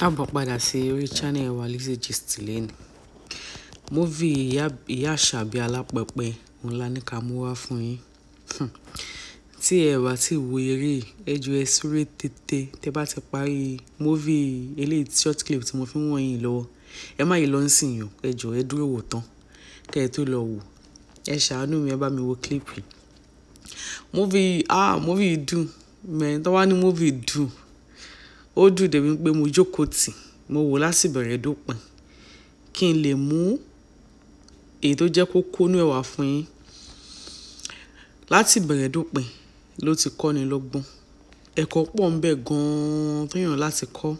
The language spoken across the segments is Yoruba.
káàbọ̀ padà sí orí channel wa Lizzy Gist lẹ́nu móvì ìyá àṣàbí alápẹpẹ òun la ní ká mú wá fún yín hmm. tí ẹ bá ti wo eré ẹ ju ẹ súré tètè tẹ bá ti parí móvì eléyìí short clip tí mo fi ń wọ̀nyí lọ́wọ́ ẹ má yí lọ ń sìn yàn ẹ jọ ẹ dúró wò tán kẹ́ ẹ tó lọ wò ẹ ṣàánú mi ẹ bá mi wo clip yìí móvì ah móvì dùn mẹ́rin tó wá ní móvì dùn ó dùn débi pé mo jókòó tì mo wò lásìbẹ̀rẹ̀ dópin kí n lè mú èyí tó jẹ́ kókó nú ẹ̀ wá fún yín láti bẹ̀rẹ̀ dópin ló ti kọ́ni lọ́gbọ́n ẹ̀kọ́ pọ̀ ń bẹ gan-an tó yàn láti kọ́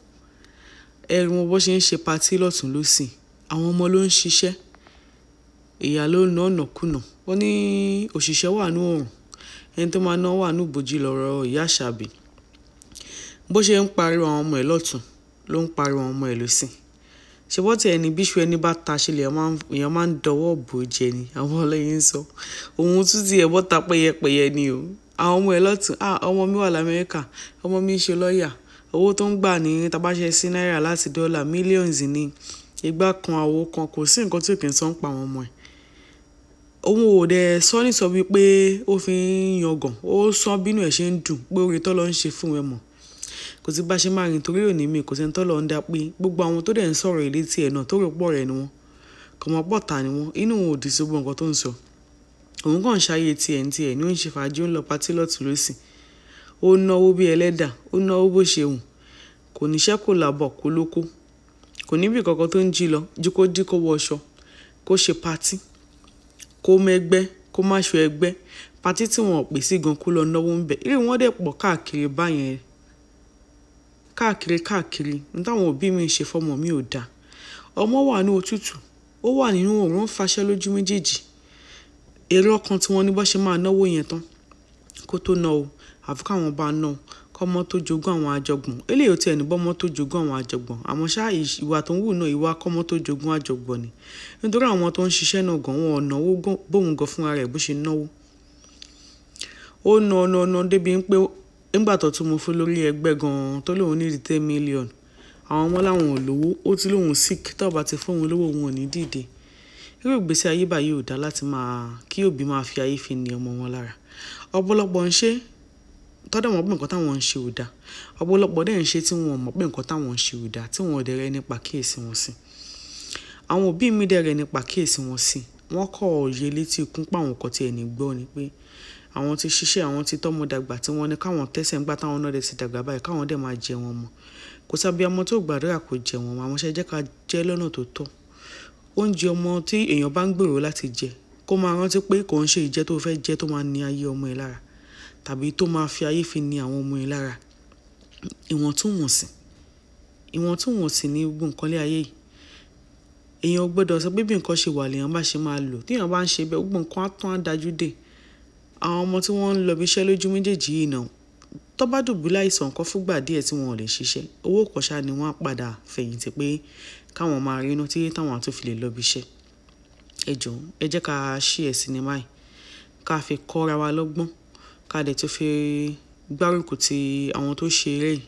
ẹ̀rù wọn bó ṣe ń ṣe patí lọ́tún lọ́sì àwọn ọmọ ló ń ṣiṣẹ́ ìyá ló ń ná ọ̀nà kùnà ó ní òṣìṣẹ́ wà ní òòrùn ẹni tó máa ná wà ní ìbòjì lọ́rọ̀ ìyá àṣàbí bó ṣe ń pariwo àwọn ọmọ ẹ̀ lọ́tún ló ń pariwo àwọn ọmọ ẹ̀ lọ́sì ṣe bọ́ tiẹ̀ ní bíṣu ẹni bá ta ṣe èèyàn máa ń dọwọ́ bò jẹ ni àwọn ọlọ́yin ń sọ òun tún ti ẹ̀bọ́ ta pẹ́yẹpẹ́yẹ ni o àwọn ọmọ ẹ̀ lọ́tún ah ọmọ mi wà lamẹ́ríkà ọmọ mi ń ṣe lọ́ọ̀yà owó tó ń gbà ní tabáṣe sí náírà láti dọ́là mílíọ̀nù ní igbá kan àwo kan kò sí nǹkan tí òkè ń sọ ń pa àwọn ọmọ ẹ̀ òun ò dẹ sọ́ni sọ wípé ó fi ń yangàn ó sọ bínú ẹ̀ ṣe ń dùn pé orin tó lọ ń ṣe fún ẹ mọ̀ kò sí bá ṣe máa rìn torí òní mi kò sẹ́ni tọ́lọ̀ ń dá pé gbogbo àwọn tó dẹ̀ ń sọ̀rọ̀ èdè tiẹ̀ náà tó rò pọ̀ rẹ̀ ni wọ́n kò mọ̀ pọ̀ ta ni wọ́n inú òun ò dì sí gbogbo nǹkan tó ń sọ òun kàn ń ṣayé tiẹ̀ ń tiẹ̀ ni ó ń ṣe fàájì ó ń lọ patí lọ́tún lọ́sìn ó náwó bí ẹlẹ́dà ó náwó bó ṣe hùn kò níṣẹ́ kò làbọ̀ kó lóko kò níbi kankan tó ń jí lọ jí kó dí kó wọṣọ kó ṣe patí kó mẹ́gbẹ́ kó máṣọ ẹgbẹ́ patí tí wọn ò pèsè gan kó lọ náwó ń bẹ̀ irú wọn dẹ̀ pọ̀ káàkiri báyẹn káàkiri káàkiri ní táwọn òbí mi ṣe fọmọ mi ò dáa ọmọ wà ní òtútù ó wà nínú òórùn faṣẹ́ lójú méjèèjì èrò ọkàn tí wọ́n ní bọ́ ṣe máa náwó yẹn tán kó tó ná o àfi káwọn bá ná o kọ́mọ tó jogún àwọn àjọgbọ̀n eléyìí ò tiẹ̀ ní bọ́mọ tó jogún àwọn àjọgbọ̀n àmọ́ ṣá ìwà tó ń wù náà ìwà kọ́mọ tó jogún àjọgbọ̀n ni nítorí àwọn tó ń ṣiṣẹ́ náà gan wọn ọ̀nà owó bóun gan fúnra rẹ̀ bó ṣe náwó ó na ọ̀nà ọ̀nà débi pé nígbà tó tún mú fún lórí ẹgbẹ́ gan-an tó lóun ní ìdí ten million àwọn ọmọ làwọn ò lówó ó ti lóun sick tó bá ti fóun lówó òun ò ní dìde irú ìgbésí ayé báyìí ò dá láti máa kí òbí máa fi ayé fi ní ọmọ wọn lára ọ̀pọ̀lọpọ̀ ń ṣe tọ́dọ̀ mọ̀ pé nǹkan táwọn ń ṣe ò dáa ọ̀pọ̀lọpọ̀ dẹ̀ ń ṣe tí wọn mọ̀ pé nǹkan táwọn ń ṣe ò dáa tí wọn ò dẹ̀rẹ̀ nípa kíyèsí wọn sí àwọn òbí mi dẹ̀rẹ̀ nípa kíyèsí wọn sí wọn kọ́ òye létí ikún páwọn kọ́ tiẹ̀ ní gbọ́ ni pé àwọn ti ṣiṣẹ́ àwọn ti tọ́mọ dàgbà tí wọ́n ní káwọn tẹ́sẹ̀ ń gbá táwọn náà dẹ̀ ti dàgbà báyìí káwọn dẹ̀ máa jẹ wọn mọ́ kò sábẹ́ ọmọ tó gbàdúrà kò jẹ wọn mọ́ àwọn ṣe jẹ́ ká jẹ́ lọ́nà tó tọ́ oúnjẹ ọmọ tí èèyàn bá ń gbèrò láti jẹ kó máa rántí pé kò ń ṣe ìjẹ tó fẹ́ jẹ tó máa ní ayé ọmọ ẹ lára tàbí tó máa fi ayé fi ní àwọn ọmọ ẹ lára ìwọ̀ntúnwọ̀nsì ìwọ̀ntúnwọ̀nsì ní gbogbo lé ayé yìí èèyàn gbọ́dọ̀ sọ pé bí nǹkan ṣe wà lèèyàn bá ṣe máa lò téèyàn bá ń ṣe bẹ́ẹ̀ gbogbo á tán á dájú dé àwọn ọmọ tí wọ́n ń lọ ibiṣẹ́ lójú méjèèjì yìí náà tó bá dùbúlé àìsàn kan fúngbà díẹ̀ tí wọn ò lè ṣiṣẹ́ owó kọ̀ṣà ni wọ́n á padà fẹ̀yìntì pé káwọn máa rínú tí táwọn àtún fi lè lọ ibiṣẹ́ ẹ jọ̀ọ́ ẹ jẹ́ ká ṣí ẹ̀ sinimá yìí ká fi kọ́ra wa lọ́gbọ́n ká dẹ̀ tó fi gbárùkù ti àwọn tó ṣe eré yìí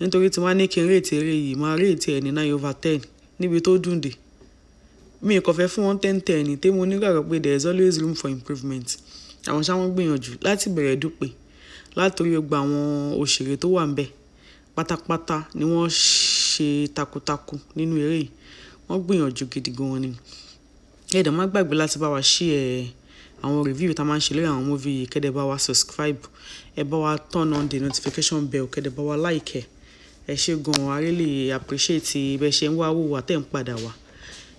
nítorí tí wọ́n á ní kí n réètì eré yìí máa réètì ẹ̀ ní nine over ten níbi tó dùn dé mi kò fẹ́ fún wọn ten ten ní tẹ́ mo nígbàgbọ́ pé there is always room for improvement àwọn sáwọn gbìyànjú láti bẹ̀rẹ̀ dúpẹ́ látòrí ọgbà àwọn òṣèré tó wà ń bẹ̀ pátápátá ni wọ́n ṣe takuntakun nínú eré yìí wọ́n gbìyànjú gidi gan ni ẹ̀dá má gbàgbé láti bá wa ṣí ẹ̀ àwọn review tá a máa ń ṣe lórí àwọn móvì yìí kẹ́dẹ̀ bá wa subscribe ẹ bá wa turn on the notification bell kẹ́dẹ̀ bá wa like ẹ̀ ẹ ṣe gan-an a really appreciate bẹ́ẹ̀ ṣe ń wá wò wá tẹ̀ ń padà wá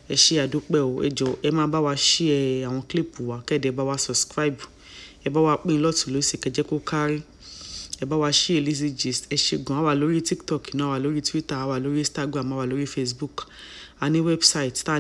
ẹ ṣe àdúpẹ́ o ẹ jọ ẹ máa bá wa ṣí ẹ àwọn kílípù wa kẹ́dẹ̀ bá wa subscribe ẹ bá wa pín in lọ́tún lọ́sì kẹjẹ kó kárí ẹ bá wa ṣí Elizygist ẹ ṣe gan a lórí tiktok náà a lórí twitter a lórí instagram a lórí facebook a ní website tá